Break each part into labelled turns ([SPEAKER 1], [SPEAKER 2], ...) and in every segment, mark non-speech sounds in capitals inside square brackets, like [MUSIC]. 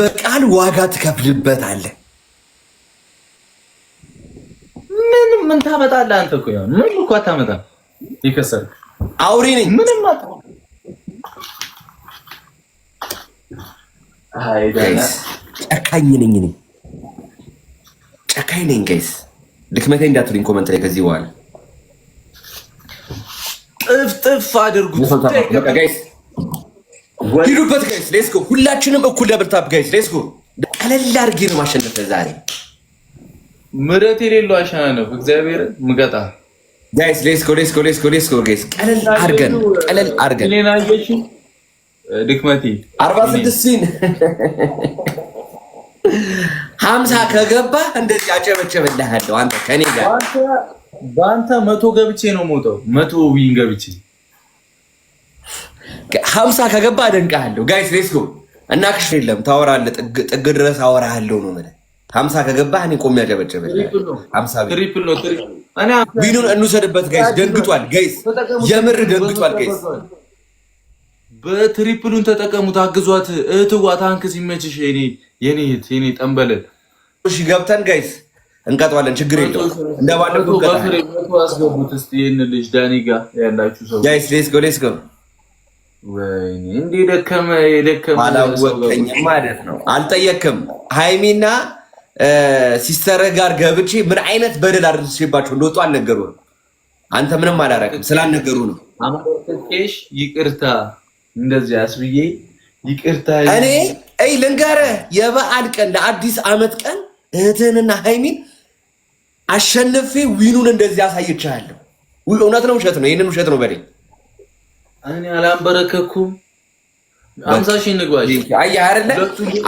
[SPEAKER 1] በቃል ዋጋ ትከፍልበታለህ።
[SPEAKER 2] ምን ምን ታመጣለህ አንተ? እኮ ያው ምን እኮ አታመጣም።
[SPEAKER 1] ይከሰርክ አውሬ ነኝ። ምንም አትሆን። ጨካኝ ነኝ እኔ ጨካኝ ነኝ። ጋይስ ድክመቴ እንዳትሉኝ ኮመንት ላይ ከዚህ በኋላ ጥፍጥፍ አድርጉት። ሂዱበት ጋይስ ሌስ ሁላችንም እኩል ለብርታብ ጋይስ ሌስ ቀለል አድርጌ ነው ማሸነፈ ዛሬ
[SPEAKER 2] ምረት የሌለው አሸናነፍ እግዚአብሔር ምገጣ
[SPEAKER 1] ጋይስ ሌስ ጎ ሌስ ጎ ጋይስ ቀለል አድርገን ቀለል አድርገን
[SPEAKER 2] አይገሽ ድክመቴ
[SPEAKER 1] 46 ሲን 50 ከገባ እንደዚህ አጨበጨብልሃለሁ አንተ ከኔ ጋር
[SPEAKER 2] በአንተ መቶ ገብቼ ነው ሞተው መቶ ዊን ገብቼ
[SPEAKER 1] ሀምሳ ከገባ አደንቀሃለሁ። ጋይስ ሌስ ጎ እና ክሽ የለም ታወራለህ፣ ጥግ ድረስ አወራሃለሁ ነው የምልህ። ሀምሳ ከገባ እኔ ቆሜ ያጨበጨበ ቢኑን እንውሰድበት። ጋይስ ደንግጧል፣ ጋይስ የምር ደንግጧል። ጋይስ
[SPEAKER 2] በትሪፕሉን ተጠቀሙት፣ አግዟት። እህትዋ ታንክ ሲመችሽ የኔ እህት የኔ ጠንበለል።
[SPEAKER 1] እሺ ገብተን ጋይስ እንቀጥዋለን፣ ችግር የለው። እንደባለፉ
[SPEAKER 2] አስገቡት። እስኪ ይህን ልጅ ዳኒ ጋር
[SPEAKER 1] ያላችሁ ሰው ጋይስ ሌስ ጎ ሌስ ጎ
[SPEAKER 2] እንዲህ ደከመ የደከመ
[SPEAKER 1] አላወቀኝም ማለት ነው። አልጠየቅም። ሃይሚና ሲስተርህ ጋር ገብቼ ምን አይነት በደል አድርሼባቸው እንደወጡ ነው። አንተ ምንም አላረክም ስላልነገሩ ነው።
[SPEAKER 2] አማሽ ይቅርታ፣ እንደዚህ አስብዬ ይቅርታ።
[SPEAKER 1] እኔ አይ ልንገርህ፣ የበዓል ቀን ለአዲስ አመት ቀን እህትህንና ሃይሚን አሸንፌ ዊኑን እንደዚህ አሳይቻለሁ። እውነት ነው ውሸት ነው? ይህንን ውሸት ነው በለኝ
[SPEAKER 2] እኔ አላንበረከኩም። አምሳ ሺህ እንግባ።
[SPEAKER 1] አየህ አይደለ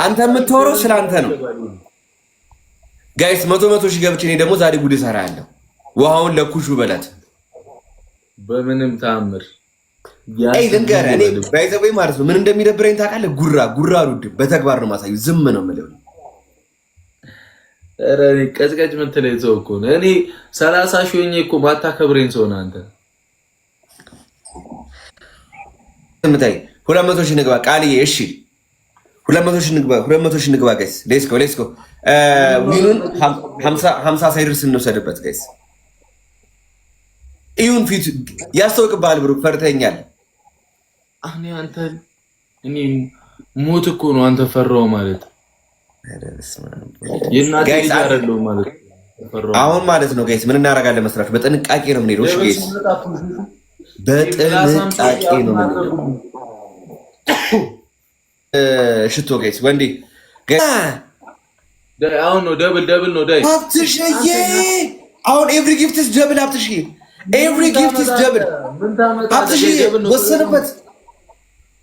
[SPEAKER 1] አንተ የምትወረው ስለአንተ ነው። ጋይስ መቶ መቶ ሺህ ገብቼ እኔ ደግሞ ዛሬ ጉድ እሰራለሁ። ውሃውን ለኩሹ በላት።
[SPEAKER 2] በምንም ታምር
[SPEAKER 1] ልንገርህ፣ እኔ ባይዘወይ ማለት ነው ምን እንደሚደብረኝ ታውቃለህ? ጉራ ጉራ ሩድ በተግባር ነው ማሳዩ። ዝም ነው የምለው
[SPEAKER 2] ቀጭቀጭ የምትለኝ ሰው እኮ እኔ ሰላሳ ሺህ ሆኜ እኮ ማታከብረኝ ሰው ነህ አንተ
[SPEAKER 1] ምታይ ሁለት መቶ ሺህ ንግባ ቃልዬ። እሺ ሁለት መቶ ሺህ ንግባ፣ ሁለት መቶ ሺህ ንግባ ጋይስ። ሌስኮ ሌስኮ ዊኑን ሀምሳ ሳይደርስ እንውሰድበት ጋይስ። እዩን ፊቱ ያስታውቅብሃል። ብሩ ፈርተኛል።
[SPEAKER 2] እኔ አንተ እኔ ሞት እኮ ነው አንተ ፈራው ማለት
[SPEAKER 1] አሁን ማለት ነው ጋይስ። ምን እናደርጋለን መስራት በጥንቃቄ ነው የምንሄደው። እሺ ጋይስ በጥንቃቄ ነው። ሽቶ ጌስ ወንዲ
[SPEAKER 2] አሁን ነው ደብል ደብል ነው ዳይ
[SPEAKER 1] ሀብትሽዬ አሁን ኤቭሪ ጊፍትስ ደብል ሀብትሽዬ ኤቭሪ ጊፍትስ ደብል ሀብትሽዬ ወሰንበት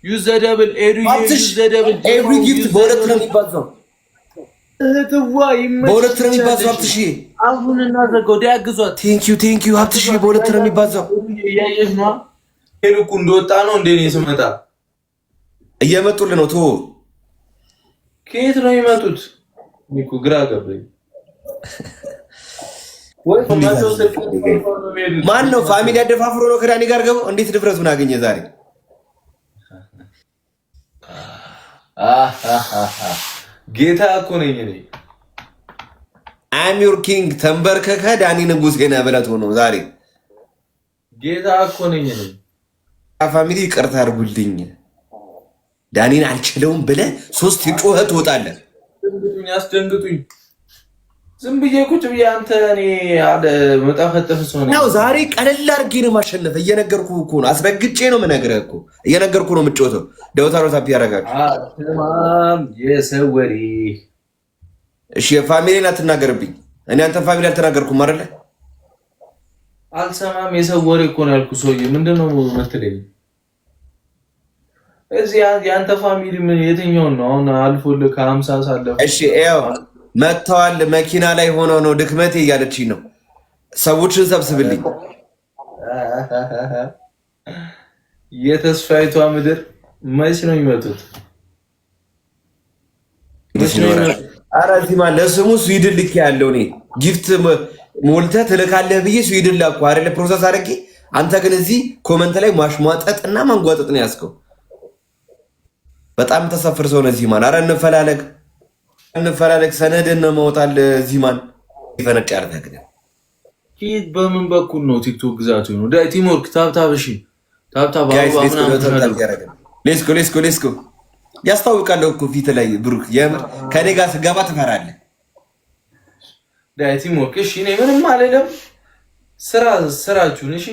[SPEAKER 2] ዩዝ ዘ ደብል ኤዱ
[SPEAKER 1] ዩዝ ዘ ደብል ኤቭሪ ጊፍት በሁለት ነው የሚባዛው እህትዋ በሁለት ነው የሚባዛው። ሀብትሽ
[SPEAKER 2] አሁን እናዘጋው ዲ ያግዟት።
[SPEAKER 1] ቴንክ ዩ ቴንክ ዩ ሀብትሽ በሁለት ነው የሚባዛው።
[SPEAKER 2] ልኩ እንደወጣ ነው እንደ እኔ ስመጣ
[SPEAKER 1] እየመጡል ነው። ቶ
[SPEAKER 2] ከየት ነው የሚመጡት? እኮ ግራ ገባኝ።
[SPEAKER 1] ማን ነው ፋሚሊ አደፋፍሮ ነው ከዳኒ ጋር ገቡ? እንዴት ድፍረቱን አገኘ ዛሬ?
[SPEAKER 2] [LAUGHS] ጌታ እኮ ነኝ እኔ።
[SPEAKER 1] አምዩር ኪንግ ተንበርከከ ዳኒ ንጉሴ ነህ ብለት ሆኖ ዛሬ።
[SPEAKER 2] ጌታ እኮ ነኝ እኔ።
[SPEAKER 1] ፋሚሊ ይቅርታ አድርጉልኝ፣ ዳኒን አልችለውም ብለህ ሶስት ጩኸት ትወጣለህ።
[SPEAKER 2] አስደንግጡኝ፣ አስደንግጡኝ ዝም ብዬ ቁጭ ብዬ አንተ እኔ አለ መጣፈጥፍ ነው።
[SPEAKER 1] ዛሬ ቀለል አድርጌ ነው ማሸነፍ። እየነገርኩ እኮ ነው፣ አስረግጬ ነው የምነግርህ እኮ እየነገርኩ ነው የምጮተው። ደውታሮ ታፒ
[SPEAKER 2] ያደርጋችሁ የሰው ወሬ።
[SPEAKER 1] እሺ የፋሚሊን አትናገርብኝ። እኔ አንተ ፋሚሊ አልተናገርኩም አይደለ?
[SPEAKER 2] አልሰማም። የሰው ወሬ እኮ ነው ያልኩ ሰውዬ ምንድን ነው የምትለኝ? እዚህ የአንተ ፋሚሊ ምን የትኛውን ነው አሁን? አልፎልህ ከሀምሳ ሳለሁ።
[SPEAKER 1] እሺ ያው መጥተዋል። መኪና ላይ ሆኖ ነው ድክመቴ እያለችኝ ነው። ሰዎችን ሰብስብልኝ።
[SPEAKER 2] የተስፋይቷ ምድር መች ነው የሚመጡት?
[SPEAKER 1] ኧረ እዚህ ማን ለስሙ ስዊድን ልክ ያለው እኔ ጊፍት ሞልተህ ትልካለህ ብዬ ስዊድን ላኩ አይደለ? ፕሮሰስ አድርጌ አንተ ግን እዚህ ኮመንት ላይ ማሽሟጠጥ እና ማንጓጠጥ ነው ያዝከው። በጣም ተሰፍር ሰው ነዚህ ማን። አረ እንፈላለግ እንፈላለግ ሰነድን ነው መውጣል ዚማን ይፈነቅ ያደርጋግ
[SPEAKER 2] ሂድ። በምን በኩል ነው ቲክቶክ ግዛቱ ነው? ዳይ ቲሞርክ ታብታብ እሺ፣ ታብታብ
[SPEAKER 1] ሌስኮ ሌስኮ ሌስኮ ያስታውቃለሁ እኮ ፊት ላይ ብሩክ፣ የምር ከኔ ጋር ስገባ ትፈራለህ።
[SPEAKER 2] ዳይ ቲሞርክ እሺ፣ እኔ ምንም አልልም። ስራ ስራችሁን እሺ።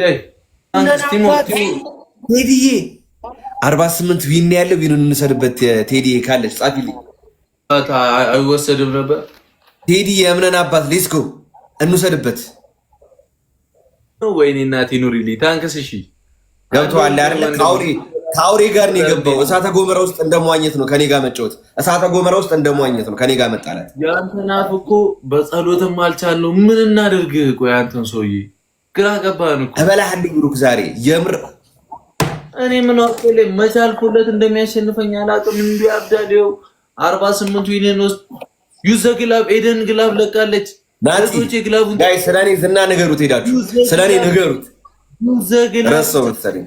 [SPEAKER 2] ዳይ
[SPEAKER 1] አንተስ ቲሞርክ ቴዲዬ 48 ዊን ያለው ዊኑን እንሰድበት ቴዲዬ ካለች ጻፊልኝ
[SPEAKER 2] አይወሰድም ነበር።
[SPEAKER 1] ቴዲ የእምነን አባት ሌስኮ እንውሰድበት።
[SPEAKER 2] ወይኔ እናቴ ኑሪልኝ። ታንክስ። እሺ
[SPEAKER 1] ገብቶሃል አይደለ? ከአውሬ ጋር ነው የገባው። እሳተ ጎመራ ውስጥ እንደመዋኘት ነው ከኔ ጋር መጫወት። እሳተ ጎመራ ውስጥ እንደመዋኘት ነው ከኔ ጋር መጣላት።
[SPEAKER 2] የአንተን አፍ እኮ በጸሎትም አልቻልነው። ምን እናደርግ? ቆይ አንተን ሰውዬ ግራ ገባን እኮ።
[SPEAKER 1] እበላሃልኝ ብሩክ፣ ዛሬ የምር
[SPEAKER 2] እኔ ምን አውቄ መቻልኩለት እንደሚያሸንፈኝ አላውቅም። እንዲህ አብዳሌው አርባ ስምንቱ ኢኔን ውስጥ ዩዘ ግላብ ኤደን ግላብ ለቃለች። ዳርቶች የግላቡን
[SPEAKER 1] ጋይ ስለኔ ዝና ንገሩት፣ ሄዳችሁ ስለኔ ንገሩት። ዩዘ ግላብ ረሰው መሰለኝ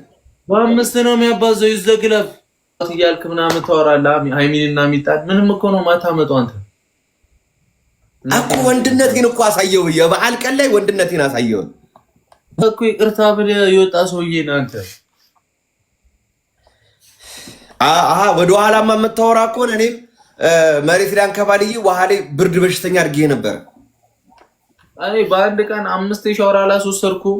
[SPEAKER 2] በአምስት ነው የሚያባዘው። ዩዘ ግላብ እያልክ ምናምን ታወራለህ። ሃይሚንና ሚጣን ምንም እኮ ነው ማታ መጡ አንተ
[SPEAKER 1] እኮ ግን እኮ አሳየው። የበዓል ቀን ላይ ወንድነቴን አሳየው
[SPEAKER 2] እኮ ይቅርታ ብለህ የወጣ ሰውዬ አንተ።
[SPEAKER 1] አሀ ወደኋላማ የምታወራ እኮ እኔም መሬት ላይ አንከባልዬ ውሃ ላይ ብርድ በሽተኛ አድርጌ ነበር።
[SPEAKER 2] እኔ በአንድ ቀን አምስት ሻወር አላስወሰድኩም።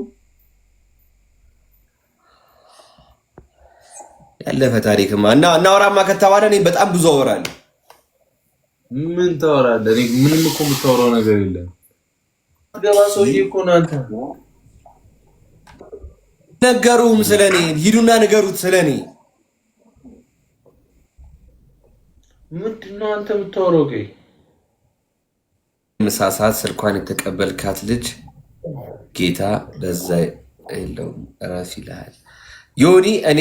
[SPEAKER 1] ያለፈ ታሪክማ እና እናወራማ ከተባለ እኔ በጣም ብዙ አወራለሁ።
[SPEAKER 2] ምን ታወራለህ? ምንም እኮ የምታወራው ነገር የለም። ገባ ሰውዬ እኮ ነው አንተ።
[SPEAKER 1] ነገሩም ስለኔ ሂዱና ንገሩት ስለኔ
[SPEAKER 2] ምንድነው አንተ የምታወራው? ቆይ
[SPEAKER 1] ምሳ ሰዓት ስልኳን የተቀበልካት ልጅ ጌታ በዛ የለውም ራሱ ይልሃል። ዮኒ እኔ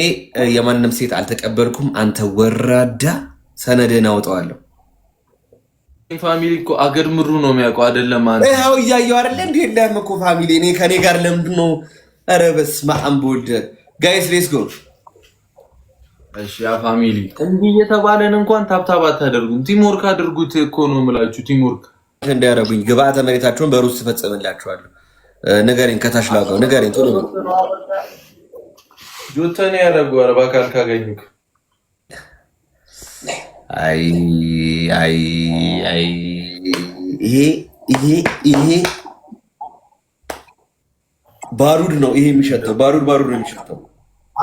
[SPEAKER 1] የማንም ሴት አልተቀበልኩም። አንተ ወራዳ ሰነድህን አውጠዋለሁ።
[SPEAKER 2] ፋሚሊ እኮ አገር ምሩ ነው የሚያውቀው አይደለም? አንተ
[SPEAKER 1] ይኸው እያየሁ አይደለ እንዴ? የለህም እኮ ፋሚሊ። እኔ ከኔ ጋር ለምንድን ነው? ኧረ በስመ አብ ወልድ ጋይስ ሌትስ ጎ
[SPEAKER 2] እሺ ያ ፋሚሊ እንዲህ እየተባለን እንኳን ታብታብ አታደርጉም። ቲምወርክ አድርጉት እኮ ነው የምላችሁ። ቲምወርክ
[SPEAKER 1] እንዲያደርጉኝ ግብአተ መሬታችሁን በሩስ ትፈጽምላችኋለሁ። ንገሪን፣ ከታች ላገው ንገሪን። ቶሎ
[SPEAKER 2] ጆተን ያደረጉ አርባ ካል ካገኙ
[SPEAKER 1] አይ አይ አይ ይሄ ይሄ ይሄ ባሩድ ነው። ይሄ የሚሸተው ባሩድ ባሩድ ነው የሚሸተው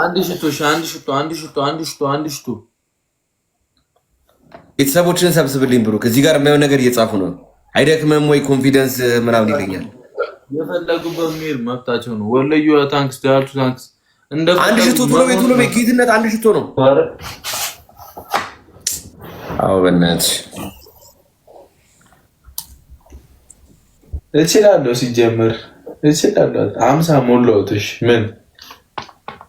[SPEAKER 2] አንድ ሽቶ አንድ ሽቶ አንድ ሽቶ አንድ ሽቶ አንድ ሽቶ
[SPEAKER 1] ቤተሰቦችን ሰብስብልኝ ብሩክ። እዚህ ጋር የማየው ነገር እየጻፉ ነው። አይደክመም ወይ ኮንፊደንስ ምናምን ይገኛል።
[SPEAKER 2] የፈለጉ በሚል መብታቸው ነው። ወለዩ ታንክስ ዳቱ ታንክስ።
[SPEAKER 1] አንድ ሽቶ ቶሎ ቤት ቶሎ ቤት ጌትነት አንድ ሽቶ ነው። አዎ በእናትሽ
[SPEAKER 2] እችላለሁ፣ ሲጀምር እችላለሁ። አምሳ ሞላሁትሽ ምን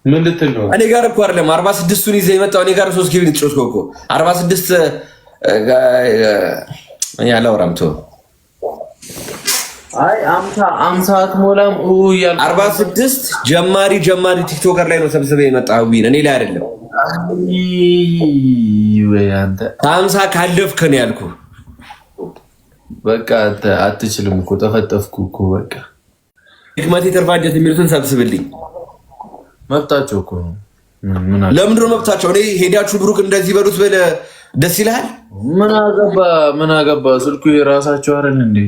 [SPEAKER 2] ምን ልትል ነው?
[SPEAKER 1] እኔ ጋር እኮ አይደለም አርባ ስድስቱን ይዘህ የመጣው እኔ ጋር ሶስት ጊዜ ልትጮስ እኮ አርባ ስድስት አላወራም። ተወው።
[SPEAKER 2] አይ አምሳ አምሳ አትሞላም እያልኩ
[SPEAKER 1] አርባ ስድስት ጀማሪ ጀማሪ ቲክቶከር ላይ ነው ሰብስበህ የመጣው እኔ ላይ አይደለም። አምሳ ካለፍክ ነው ያልኩህ።
[SPEAKER 2] በቃ አትችልም እኮ ጠፈጠፍኩ እኮ በቃ
[SPEAKER 1] ህክመት የተርፋ የሚሉትን ሰብስብልኝ
[SPEAKER 2] መብታቸው እኮ ነው።
[SPEAKER 1] ለምንድን ነው መብታቸው? እኔ ሄዳችሁ ብሩክ እንደዚህ በሉት በለ ደስ ይላል
[SPEAKER 2] ምን አገባ ምን አገባ? ስልኩ የራሳቸው አይደል እንዴ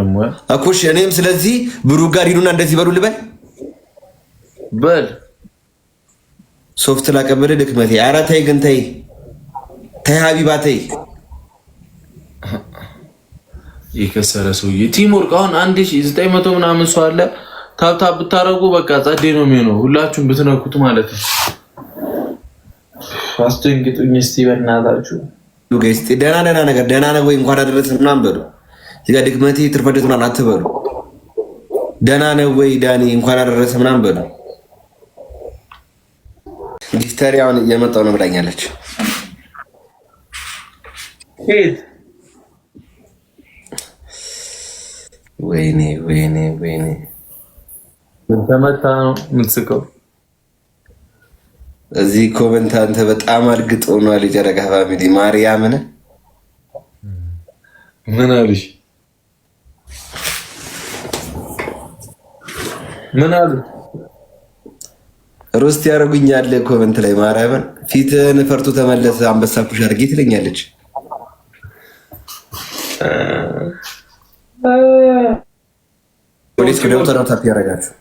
[SPEAKER 1] እኮ። እኔም ስለዚህ ብሩክ ጋር ሂዱና እንደዚህ በሉ ልበል በል። ሶፍት ላቀበለ ድክመቴ። ኧረ ተይ ግን ተይ ተይ ሀቢባ ተይ።
[SPEAKER 2] የከሰረ ሰውዬ ቲሞር አሁን አንድ ሺህ ዘጠኝ መቶ ምናምን ሰው አለ ታብታ ብታረጉ በቃ ጸዴ ነው የሚሆነው፣ ሁላችሁም ብትነኩት ማለት ነው። አስደንግጡኝ እስቲ በእናታችሁ።
[SPEAKER 1] ደህና ደህና ነገር ደህና ነው ወይ እንኳን አደረሰን ምናምን በሉ። እዚህ ጋር ድክመቴ ትርፈደት ምናምን አትበሉ። ደህና ነው ወይ ዳኒ እንኳን አደረሰ ምናምን በሉ። ጊፍተሪ አሁን እየመጣሁ ነው ብላኛለች። ወይኔ ወይኔ ወይኔ
[SPEAKER 2] ተመታ ነው የምትስቀው።
[SPEAKER 1] እዚህ ኮቨንት አንተ በጣም አድግጦ ሆኗል። የጨረቃ ፋሚሊ ማርያምን
[SPEAKER 2] ምን አሉሽ? ምን አሉ?
[SPEAKER 1] ሮስት ያደርጉኛል ኮመንት ላይ ማርያምን። ፊትህን ፈርቶ ተመለሰ አንበሳ ኩሽ አድርጌ ትለኛለች። ፖሊስ ደግሞ ተዳታፕ ያደርጋችሁ